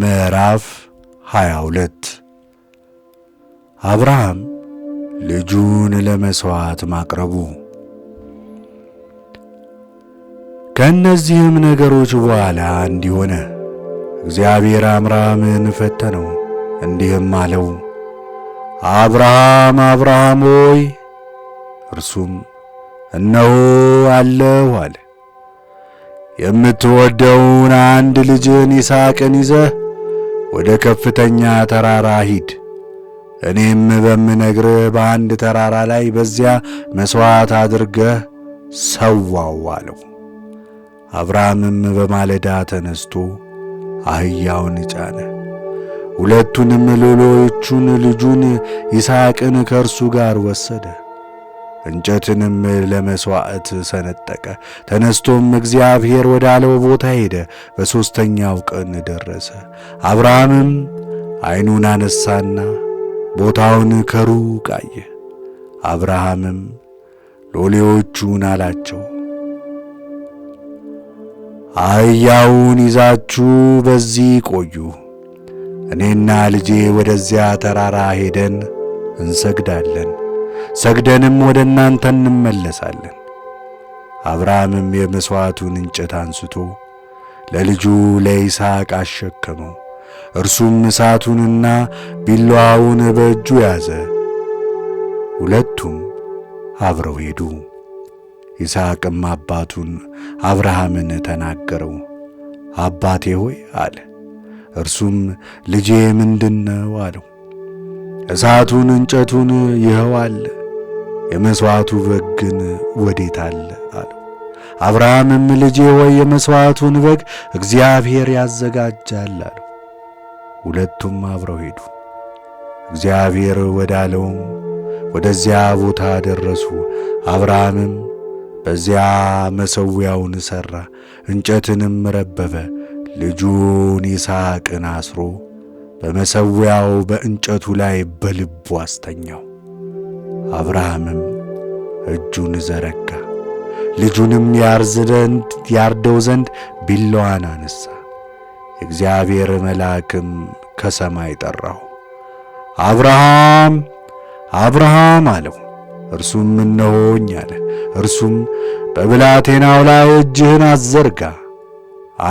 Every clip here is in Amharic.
ምዕራፍ 22 አብርሃም ልጁን ለመሥዋዕት ማቅረቡ። ከእነዚህም ነገሮች በኋላ እንዲህ ሆነ፣ እግዚአብሔር አብርሃምን ፈተነው፣ እንዲህም አለው፣ አብርሃም አብርሃም ሆይ እርሱም እነሆ አለሁ አለ። የምትወደውን አንድ ልጅን ይስሐቅን ይዘህ ወደ ከፍተኛ ተራራ ሂድ። እኔም በምነግርህ በአንድ ተራራ ላይ በዚያ መሥዋዕት አድርገህ ሰዋው አለው። አብርሃምም በማለዳ ተነስቶ አህያውን ጫነ። ሁለቱንም ሎሎዎቹን ልጁን ይስሐቅን ከእርሱ ጋር ወሰደ። እንጨትንም ለመሥዋዕት ሰነጠቀ። ተነስቶም እግዚአብሔር ወዳለው ቦታ ሄደ። በሦስተኛው ቀን ደረሰ። አብርሃምም ዐይኑን አነሳና ቦታውን ከሩቅ አየ። አብርሃምም ሎሌዎቹን አላቸው፣ አህያውን ይዛችሁ በዚህ ቆዩ፣ እኔና ልጄ ወደዚያ ተራራ ሄደን እንሰግዳለን ሰግደንም ወደ እናንተ እንመለሳለን። አብርሃምም የመሥዋዕቱን እንጨት አንስቶ ለልጁ ለይስሐቅ አሸከመው። እርሱም እሳቱንና ቢላዋውን በእጁ ያዘ። ሁለቱም አብረው ሄዱ። ይስሐቅም አባቱን አብርሃምን ተናገረው። አባቴ ሆይ አለ። እርሱም ልጄ ምንድን ነው አለው። እሳቱን እንጨቱን ይኸው አለ፣ የመሥዋዕቱ በግ ግን ወዴት አለ አለው። አብርሃምም ልጄ ሆይ የመሥዋዕቱን በግ እግዚአብሔር ያዘጋጃል አለው። ሁለቱም አብረው ሄዱ። እግዚአብሔር ወዳለውም ወደዚያ ቦታ ደረሱ። አብርሃምም በዚያ መሠዊያውን ሠራ፣ እንጨትንም ረበበ፣ ልጁን ይስሐቅን አስሮ በመሠዊያው በእንጨቱ ላይ በልቡ አስተኛው። አብርሃምም እጁን ዘረጋ፣ ልጁንም ያርደው ዘንድ ቢላዋን አነሳ። እግዚአብሔር መልአክም ከሰማይ ጠራው፣ አብርሃም አብርሃም አለው። እርሱም እነሆኝ አለ። እርሱም በብላቴናው ላይ እጅህን አዘርጋ፣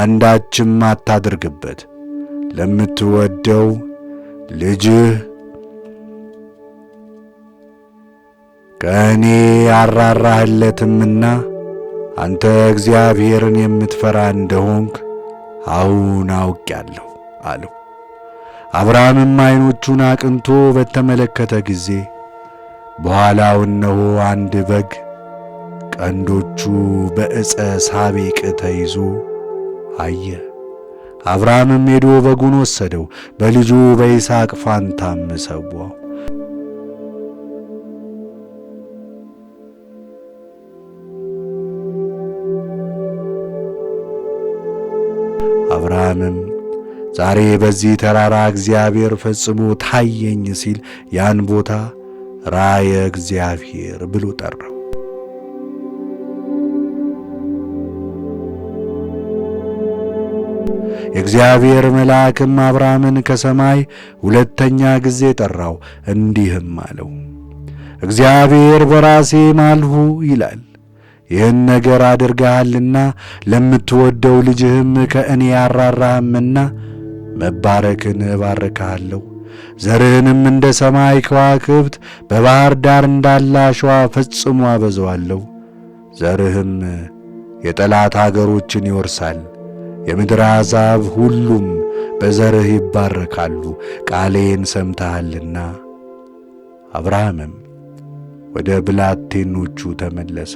አንዳችም አታድርግበት ለምትወደው ልጅህ ከእኔ ያራራህለትምና አንተ እግዚአብሔርን የምትፈራ እንደሆንክ አሁን አውቄአለሁ አለው። አብርሃምም ዐይኖቹን አቅንቶ በተመለከተ ጊዜ በኋላው እነሆ አንድ በግ ቀንዶቹ በእፀ ሳቤቅ ተይዞ አየህ። አብርሃምም ሄዶ በጉን ወሰደው፣ በልጁ በይስሐቅ ፋንታም ሰዋው። አብርሃምም ዛሬ በዚህ ተራራ እግዚአብሔር ፈጽሞ ታየኝ ሲል ያን ቦታ ራእየ እግዚአብሔር ብሎ ጠራው። የእግዚአብሔር መልአክም አብርሃምን ከሰማይ ሁለተኛ ጊዜ ጠራው፣ እንዲህም አለው እግዚአብሔር በራሴ ማልሁ ይላል ይህን ነገር አድርገሃልና ለምትወደው ልጅህም ከእኔ ያራራህምና መባረክን እባርክሃለሁ ዘርህንም እንደ ሰማይ ከዋክብት በባሕር ዳር እንዳለ አሸዋ ፈጽሞ አበዛዋለሁ። ዘርህም የጠላት አገሮችን ይወርሳል። የምድር አሕዛብ ሁሉም በዘርህ ይባረካሉ፣ ቃሌን ሰምተሃልና። አብርሃምም ወደ ብላቴኖቹ ተመለሰ።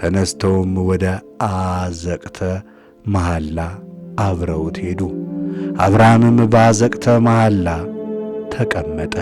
ተነስተውም ወደ አዘቅተ መሐላ አብረውት ሄዱ። አብርሃምም በአዘቅተ መሐላ ተቀመጠ።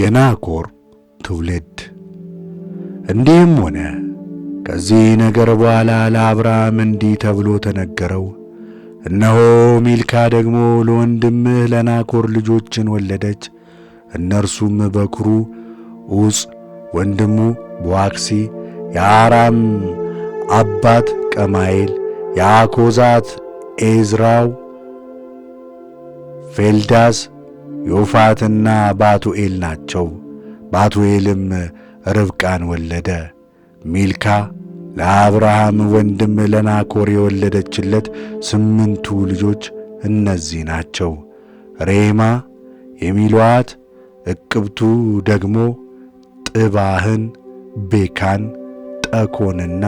የናኮር ትውልድ። እንዲህም ሆነ ከዚህ ነገር በኋላ ለአብርሃም እንዲህ ተብሎ ተነገረው፣ እነሆ ሚልካ ደግሞ ለወንድምህ ለናኮር ልጆችን ወለደች። እነርሱም በኩሩ ዑፅ፣ ወንድሙ ቧክሲ የአራም አባት ቀማኤል፣ የአኮዛት ኤዝራው፣ ፌልዳስ ዮፋትና ባቱኤል ናቸው። ባቱኤልም ርብቃን ወለደ። ሚልካ ለአብርሃም ወንድም ለናኮር የወለደችለት ስምንቱ ልጆች እነዚህ ናቸው። ሬማ የሚሏት እቅብቱ ደግሞ ጥባህን፣ ቤካን፣ ጠኮንና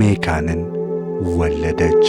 ሜካንን ወለደች።